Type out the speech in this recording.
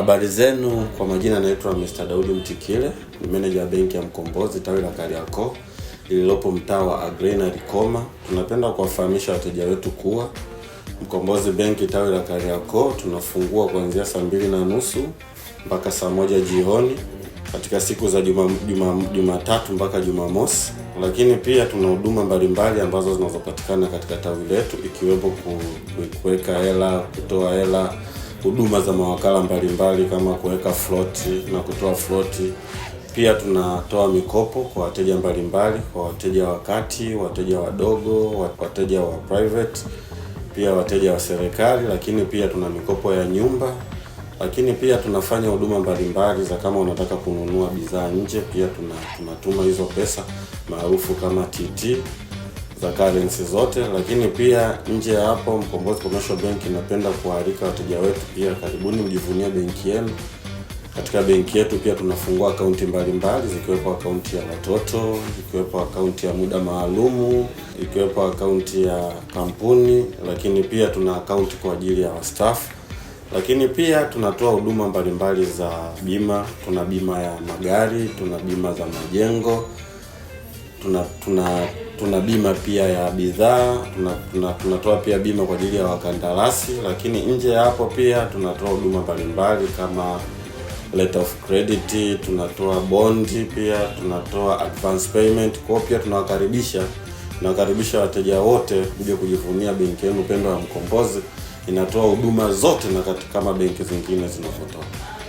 Habari zenu, kwa majina anaitwa Mr. Daudi Mtikile, ni meneja wa benki ya Mkombozi tawi la Kariakoo lililopo mtaa wa Aggrey Likoma. Tunapenda kuwafahamisha wateja wetu kuwa Mkombozi benki tawi la Kariakoo tunafungua kuanzia saa mbili na nusu mpaka saa moja jioni katika siku za Jumatatu juma, juma mpaka Jumamosi, lakini pia tuna huduma mbalimbali ambazo zinazopatikana katika tawi letu ikiwepo kuweka hela, kutoa hela huduma za mawakala mbalimbali kama kuweka floti na kutoa floti. Pia tunatoa mikopo kwa wateja mbalimbali, kwa wateja wa kati, wateja wadogo, wateja wa private, pia wateja wa serikali, lakini pia tuna mikopo ya nyumba, lakini pia tunafanya huduma mbalimbali za kama unataka kununua bidhaa nje, pia tuna tunatuma hizo pesa maarufu kama TT za currency zote, lakini pia nje ya hapo, Mkombozi Commercial Bank inapenda kuwaalika wateja wetu pia, karibuni mjivunie benki yenu. Katika benki yetu pia tunafungua akaunti mbalimbali zikiwepo akaunti ya watoto, ikiwepo akaunti ya muda maalumu, ikiwepo akaunti ya kampuni, lakini pia tuna akaunti kwa ajili ya wastaafu lakini pia tunatoa huduma mbalimbali za bima. Tuna bima ya magari, tuna bima za majengo, tuna tuna tuna bima pia ya bidhaa, tunatoa tuna, tuna pia bima kwa ajili ya wakandarasi, lakini nje ya hapo pia tunatoa huduma mbalimbali kama letter of credit, tunatoa bondi pia, tunatoa advance payment. Kwa pia tunawakaribisha tunawakaribisha wateja wote kuja kujivunia benki yenu pendwa ya Mkombozi. Inatoa huduma zote na kama benki zingine zinazotoka